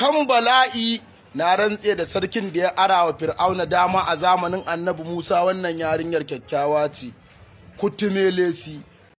kan bala'i na rantse da sarkin da ya ara wa fir'auna dama a zamanin annabi musa wannan yarinyar kyakkyawa ce kutumelesi